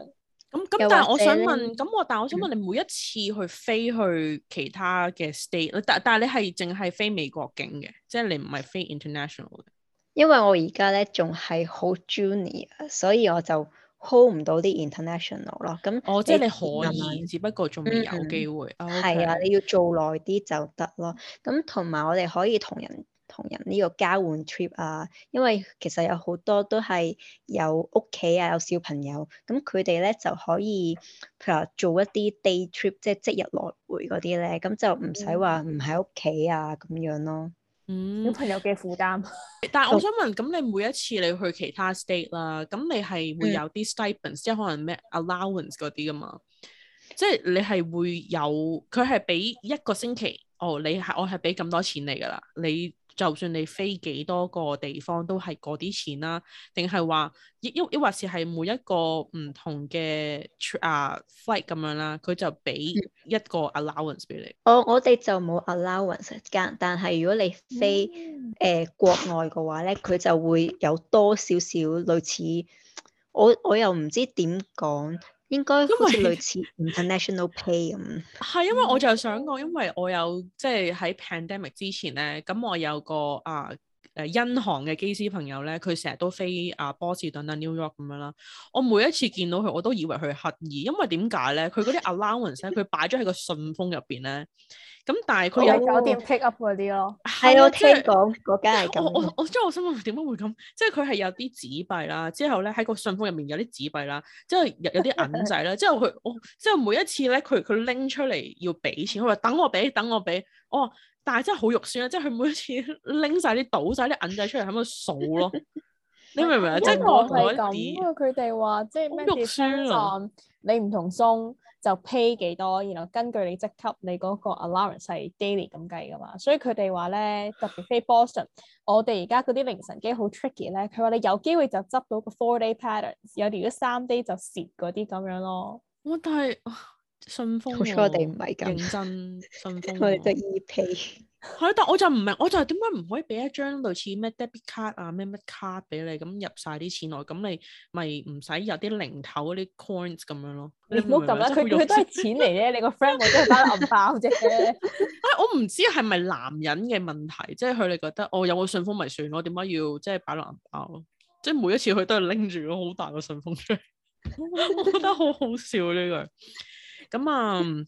咁咁，但係我想問，咁我但係我想問，嗯、你，每一次去飛去其他嘅 state，但但係你係淨係飛美國境嘅，即係你唔係飛 international 嘅。因為我而家咧仲係好 junior，所以我就 hold 唔到啲 international 咯。咁我即係你可以，哦、可以只不過仲未有機會。係啊，你要做耐啲就得咯。咁同埋我哋可以同人。同人呢個交換 trip 啊，因為其實有好多都係有屋企啊，有小朋友，咁佢哋咧就可以譬如話做一啲 day trip，即係即，即日來回嗰啲咧，咁就唔使話唔喺屋企啊咁樣咯。嗯，小朋友嘅負擔。但係我想問，咁、哦、你每一次你去其他 state 啦，咁你係會有啲 stipends、嗯、即係可能咩 allowance 嗰啲噶嘛？即係你係會有，佢係俾一個星期，哦，你係我係俾咁多錢你噶啦，你。就算你飛幾多個地方都係嗰啲錢啦，啊，定係話亦亦亦或是係每一個唔同嘅、uh, 啊 flight 咁樣啦，佢就俾一個 allowance 俾你。哦，我哋就冇 allowance 間，但係如果你飛誒、呃、國外嘅話咧，佢就會有多少少類似，我我又唔知點講。應該好似類似 international pay 咁。係，因為我就想講，因為我有即係喺 pandemic 之前咧，咁我有個啊。誒，英、啊、航嘅機師朋友咧，佢成日都飛啊波士頓啊 New York 咁樣啦。我每一次見到佢，我都以為佢刻意，因為點解咧？佢嗰啲 allowance 咧，佢擺咗喺個信封入邊咧。咁但係佢有酒店 pick up 嗰啲咯，係我聽講嗰間係咁。我我我即係我心諗點解會咁？即係佢係有啲紙幣啦，之後咧喺個信封入面有啲紙幣啦，之後有有啲銀仔啦，之後佢我之後每一次咧，佢佢拎出嚟要俾錢，佢話等我俾，等我俾，我。哦哦。但係真係好肉酸啊！即係佢每次拎晒啲倒曬啲銀仔出嚟喺度數咯，你明唔明啊？即係我係咁。因為佢哋話即係咩？你唔同松就 pay 幾多，然後根據你職級你嗰個 allowance 係 daily 咁計噶嘛。所以佢哋話咧，特別飛 Boston，我哋而家嗰啲凌晨機好 tricky 咧。佢話你有機會就執到個 four day patterns，有啲如果三 day 就蝕嗰啲咁樣咯。我但係。信封嘅，我哋唔係咁認真。信封我，我哋即係依皮。係，但我就唔明， *laughs* 我就係點解唔可以俾一張類似咩 debit card 啊，咩乜卡俾你，咁入晒啲錢落，咁你咪唔使有啲零頭嗰啲 coins 咁樣咯。你唔好咁啦，佢佢都係錢嚟嘅， *laughs* 你個 friend 我都係擺落銀包啫。 *laughs* 我唔知係咪男人嘅問題，即係佢哋覺得我、哦、有個信封咪算咯，點解要即係擺落銀包咯？即係每一次佢都係拎住個好大個信封出嚟，我覺得好好笑呢個。咁啊，誒、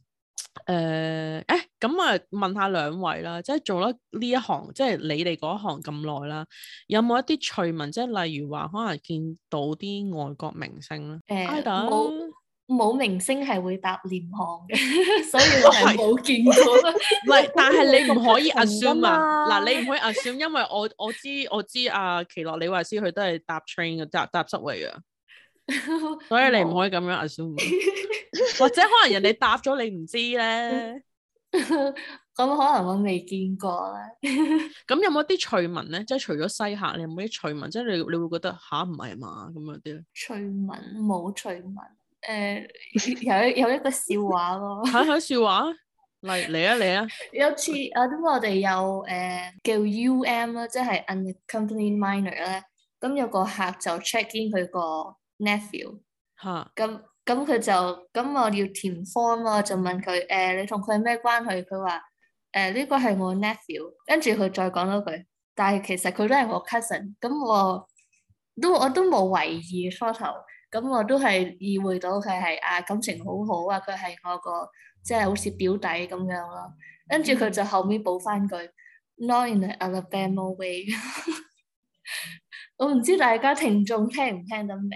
嗯，誒、呃，咁、欸、啊、嗯，問下兩位啦，即係做咗呢一行，即係你哋嗰一行咁耐啦，有冇一啲趣聞？即係例如話，可能見到啲外國明星咧？誒、呃，冇 I can. 明星係會搭廉航嘅， *laughs* 所以我係冇見到。唔係，但係你唔可以 assume *laughs* 啊，嗱，你唔可以 assume，因為我我知我知，阿奇洛李維斯佢都係搭 train 嘅，搭搭室位嘅。 *laughs* 所以你唔可以咁樣 assume， *laughs* 或者可能人哋答咗你唔知咧，咁 *laughs* 可能我未見過咧。咁有冇一啲趣聞咧？即係除咗西客，你有冇啲趣聞？即係你你會覺得吓唔係嘛？咁樣啲咧？趣聞冇趣聞，誒、呃，有一有一個笑話咯。吓吓， *laughs* 笑話，嚟嚟啊嚟啊！啊有次啊，咁我哋有誒、呃、叫 U M 啦，即係 unaccompanied minor 咧。咁有個客就 check in 佢個。nephew，咁咁佢就咁、嗯，我要填 form 啊嘛，就問佢誒、嗯，你同佢咩關係？佢話誒呢個係我 nephew，跟住佢再講多句，但係其實佢都係我 cousin，咁我都我都冇懷疑初頭，咁我都係意會到佢係啊感情好好啊，佢係我個即係好似表弟咁樣咯。跟住佢就後面補翻句，not in the Alabama way。我唔知大家聽眾聽唔聽得明。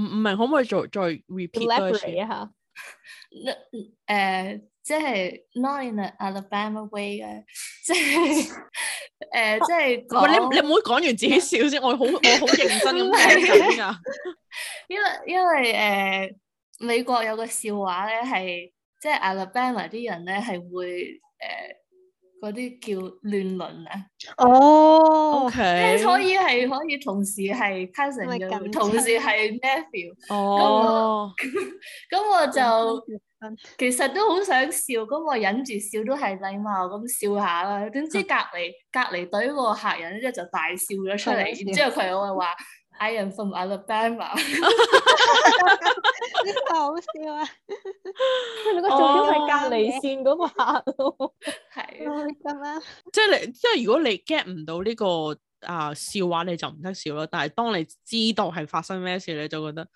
唔係可唔可以再再 repeat 一下？那、 *noise* uh, 即係 not in the Alabama way 嘅，即係誒，即係 *laughs* 你你唔好講完自己笑先，我好我好認真咁講緊啊！因因為誒、呃、美國有個笑話咧，係即係 Alabama 啲人咧係會誒。呃嗰啲叫亂倫啊！哦、oh，OK，可以係可以同時係 Catherine 嘅，同時係 Matthew。哦，咁我咁我就、oh. 其實都好想笑，咁我忍住笑都係禮貌咁笑下啦。點知隔離、oh. 隔離隊個客人咧就大笑咗出嚟，oh. 然之後佢又話。Oh. *laughs* I am from Alabama 真係好笑啊！如果仲要係隔離先嗰個客咯，係咁啦。Là. 即係你，即係如果你 get 唔到呢個啊、呃、笑話，你就唔得笑咯。但係當你知道係發生咩事你就覺得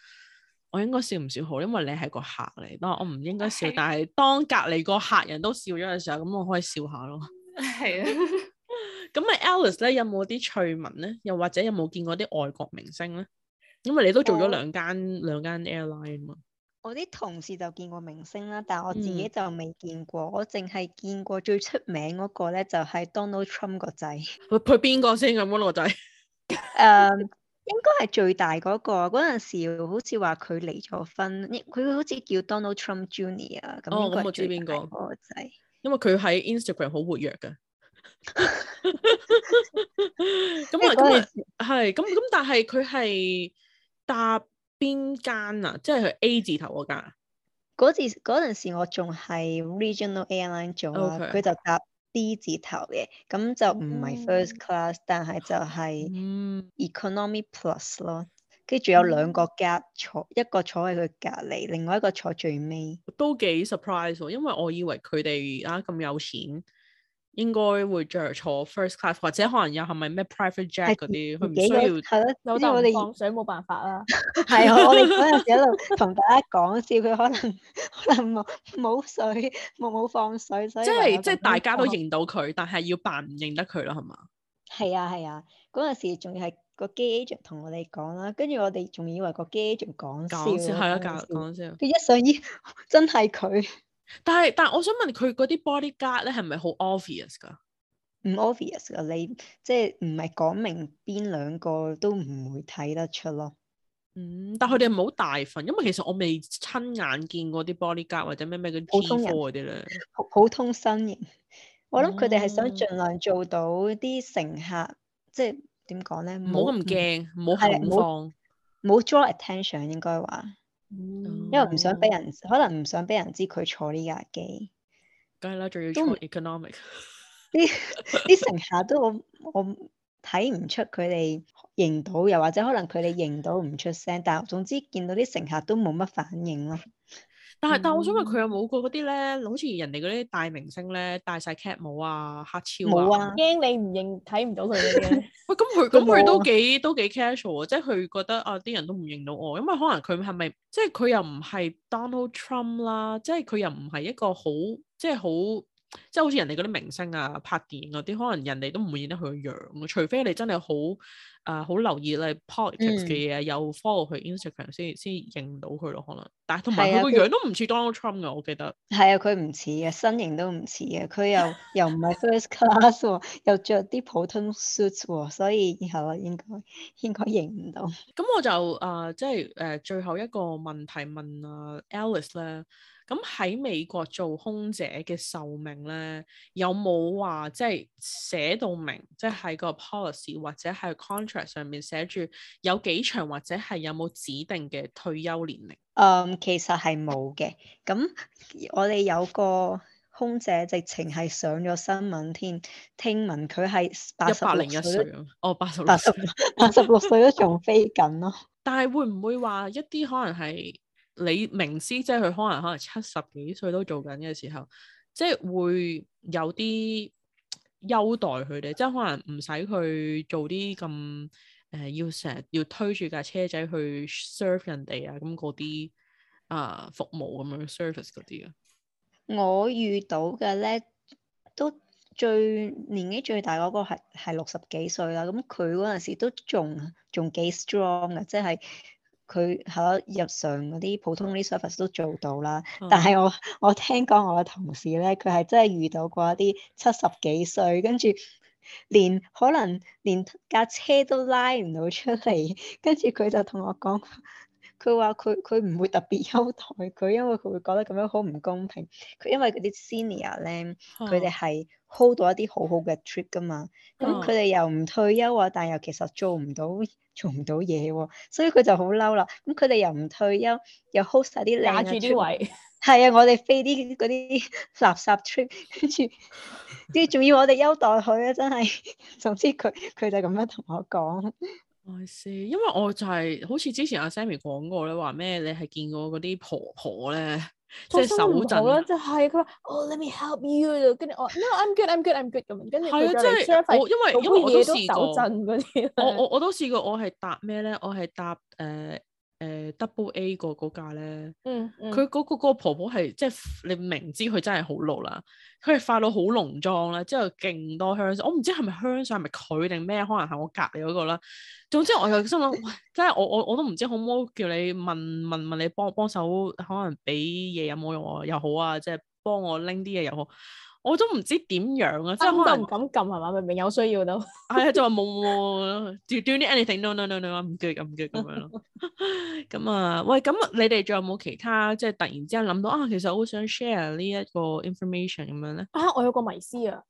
我應該笑唔笑好，因為你係個客嚟。但我唔應該笑，但係當隔離個客人都笑咗嘅時候，咁我可以笑下咯。係啊。咁啊 Alice 咧有冇啲趣聞咧？又或者有冇見過啲外國明星咧？因為你都做咗兩間兩間 airline 嘛。我啲同事就見過明星啦，但我自己就未見過。嗯、我淨係見過最出名嗰個咧，就係、是、Donald Trump，個仔。佢佢邊個先咁個仔？誒，應該係最大嗰、嗰個。嗰陣時好似話佢離咗婚，佢好似叫 Donald Trump Junior 啊。哦、那個，咁、oh，我知邊個個仔。因為佢喺 Instagram 好活躍噶。咁啊，咁啊、欸，係咁咁，但係佢係搭邊間啊？即、就、係、是、A 字頭嗰間？啊。次嗰陣時，我仲係 Regional Airline 做，佢就搭 D 字頭嘅，咁就唔係 First Class，oh。但係就係 Economy Plus 咯。跟住、嗯、有兩個 gap 坐，一個坐喺佢隔籬，另外一個坐最尾。都幾 surprise，因為我以為佢哋啊咁有錢。應該會着坐 first class，或者可能又係咪咩 private jet 嗰啲，佢唔需要。係咯，老豆我哋放水冇辦法啦。係啊我哋嗰陣時喺度同大家講笑，佢可能可能冇冇水，冇冇放水，所以即係即係大家都認到佢，但係要扮唔認得佢咯，係嘛？係啊係啊，嗰陣時仲要係個 agent 同我哋講啦，跟住我哋仲以為個 agent 講笑，係啊講講笑。佢一上衣真係佢。但係，但我想問佢嗰啲 body guard 咧，係咪好 obvious 噶？唔 obvious 噶，你即係唔係講明邊兩個都唔會睇得出咯。嗯，但佢哋唔好大份，因為其實我未親眼見過啲 body guard 或者咩咩嗰啲咧。普通身形，我諗佢哋係想盡量做到啲乘客，嗯、即係點講咧，冇咁驚，冇恐慌，冇 draw attention，應該話。嗯、因為唔想俾人，可能唔想俾人知佢坐呢架機，梗係啦，仲不要坐 economic。啲 *laughs* 啲乘客都我我睇唔出佢哋認到，又或者可能佢哋認到唔出聲，但總之見到啲乘客都冇乜反應咯。但係，嗯、但係我想問佢有冇過嗰啲咧，好似人哋嗰啲大明星咧，戴晒 cap 帽啊、黑超啊，驚、啊、你唔認睇唔到佢嘅。喂 *laughs* 他，咁佢咁佢都幾都幾 casual，啊、即係佢覺得啊，啲人都唔認到我，因為可能佢係咪即係佢又唔係 Donald Trump 啦，即係佢又唔係一個好即係好。即係好似人哋嗰啲明星啊，拍電影嗰啲，可能人哋都唔會認得佢個樣，除非你真係好誒，好、呃、留意你 Politics 嘅嘢，嗯、又 follow 佢 Instagram 先先認到佢咯。可能，但係同埋佢個樣都唔似 Donald Trump 嘅，我記得係啊，佢唔似嘅，身形都唔似嘅，佢又又唔係 First Class，啊、 *laughs* 又着啲普通 suits，啊、所以係應該應該認唔到。咁我就誒、呃，即係誒、呃，最後一個問題問啊 Alice 咧。咁喺美國做空姐嘅壽命咧，有冇話即係寫到明，即係喺個 policy 或者係 contract 上面寫住有幾長，或者係有冇指定嘅退休年齡？嗯，um, 其實係冇嘅。咁我哋有個空姐直情係上咗新聞添，聽聞佢係八十六歲，歲哦八十六歲，八十六歲都仲飛緊咯。但係會唔會話一啲可能係？你明知，即係佢可能可能七十幾歲都做緊嘅時候，即係會有啲優待佢哋，即係可能唔使去做啲咁，誒，要成日要推住架車仔去 serve 人哋啊，咁嗰啲啊服務咁樣 service 嗰啲啊。我遇到嘅咧都最年紀最大嗰個係係六十幾歲啦，咁佢嗰陣時都仲仲幾 strong 嘅，即係。佢喺日常嗰啲普通啲 service 都做到啦，嗯、但係我我聽講我嘅同事咧，佢係真係遇到過一啲七十幾歲，跟住連可能連架車都拉唔到出嚟，跟住佢就同我講。佢話：佢佢唔會特別優待佢，因為佢會覺得咁樣好唔公平。佢因為嗰啲 senior 咧，佢哋係 hold 到、e、一啲好好嘅 trip 㗎嘛。咁佢哋又唔退休啊，但又其實做唔到做唔到嘢喎，所以佢就好嬲啦。咁佢哋又唔退休，又 hold 晒啲靚住啲位。係 *laughs* 啊，我哋飛啲啲垃圾 trip，跟住跟住仲要我哋優待佢啊！真係， *laughs* 總之佢佢就咁樣同我講。我知，因為我就係好似之前阿 Sammy 講過咧，話咩你係見過嗰啲婆婆咧，即係手震咧，即係佢話哦，Let me help you，跟住我，No，I'm good，I'm good，I'm good 咁，跟住係啊，即係我，因為一因為我都手試過，我我我都試過，我係搭咩咧，我係搭誒。誒 double A 個嗰架咧，佢嗰個個婆婆係，即係你明知佢真係好老啦，佢係化到好濃妝啦，之後勁多香水。我唔知係咪香水，係咪佢定咩，可能係我隔離嗰個啦。總之我又心諗，真係我我我都唔知好唔好叫你問問問你幫幫手，可能俾嘢飲冇用啊又好啊，即係幫我拎啲嘢又好。我都唔知點樣啊都是，真係可能唔敢撳係嘛，明明有需要到、就是，係啊，就話冇喎，do you do anything，no no no no，唔叫唔叫。咁樣咯，咁啊，喂，咁 *laughs* 你哋仲有冇其他即係突然之間諗到啊？其實我好想 share 呢一個 information 咁樣咧啊，我有個迷思啊，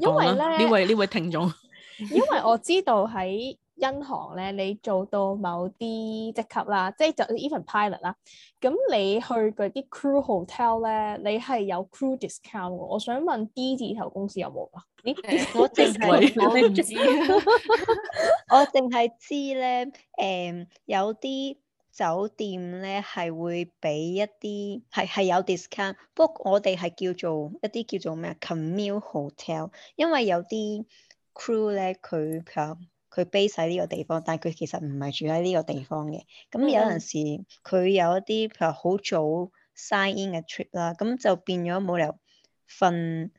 因為咧呢位呢位聽眾，笑 am detriment 因為我知道喺。因行咧，你做到某啲職級啦，即係就 even pilot 啦。咁你去嗰啲 crew hotel 咧，你係有 crew discount 㗎。我想問 D 字頭公司有冇㗎？我淨係我淨係知咧，誒、嗯、有啲酒店咧係會俾一啲係係有 discount，不過我哋係叫做一啲叫做咩？commune hotel，因為有啲 crew 咧佢佢 base 喺呢個地方，但係佢其實唔係住喺呢個地方嘅。咁有陣時佢有一啲譬如好早 sign in 嘅 trip 啦，咁就變咗冇理由瞓。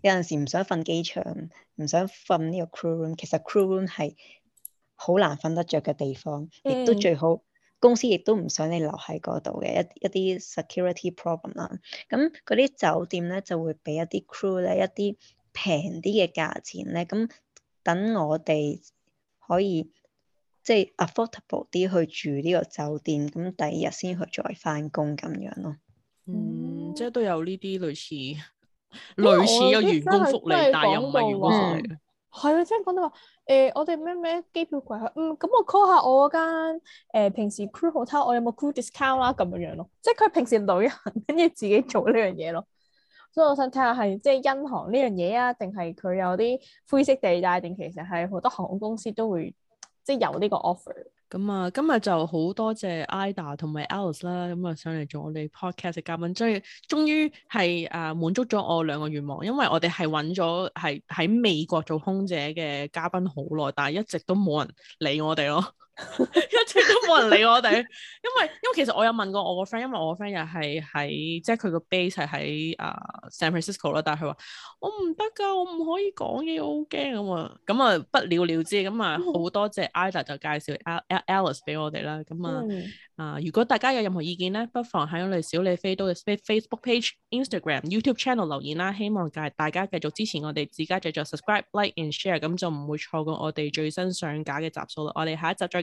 有陣時唔想瞓機場，唔想瞓呢個 crew room。其實 crew room 係好難瞓得着嘅地方，亦都最好公司亦都唔想你留喺嗰度嘅，一一啲 security problem 啦。咁嗰啲酒店咧就會俾一啲 crew 咧一啲平啲嘅價錢咧，咁等我哋。可以即係、就是、affordable 啲去住呢個酒店，咁第二日先去再翻工咁樣咯。嗯，即係都有呢啲類似，類似嘅員工福利，但係又唔係員工福、嗯、利。係啊，即係講到話，誒、呃，我哋咩咩機票貴，嗯，咁我 call 下我嗰間，誒、呃，平時 crew hotel，我有冇 crew discount 啦咁樣樣咯。即係佢平時旅行，跟住自己做呢樣嘢咯。所以我想睇下係即係因航呢樣嘢啊，定係佢有啲灰色地帶，定其實係好多航空公司都會即係有呢個 offer 咁啊。今日就好多謝 Ida 同埋 Alice 啦，咁啊上嚟做我哋 podcast 嘅嘉賓，真係終於係誒、呃、滿足咗我兩個願望，因為我哋係揾咗係喺美國做空姐嘅嘉賓好耐，但係一直都冇人理我哋咯。一直都冇人理我哋，因為因為其實我有問過我個 friend，因為我個 friend 又係喺即係佢個 base 係喺啊 San Francisco 咯，但係佢話我唔得噶，我唔可以講嘢，好驚咁啊，咁啊不了了之，咁啊好多謝 Ida 就介紹 Alice 俾我哋啦，咁啊啊如果大家有任何意見咧，不妨喺我哋小李飛刀嘅 Facebook Page、Instagram、YouTube Channel 留言啦，希望大家繼續支持我哋自家製作，Subscribe、Like and Share，咁就唔會錯過我哋最新上架嘅集數啦，我哋下一集再。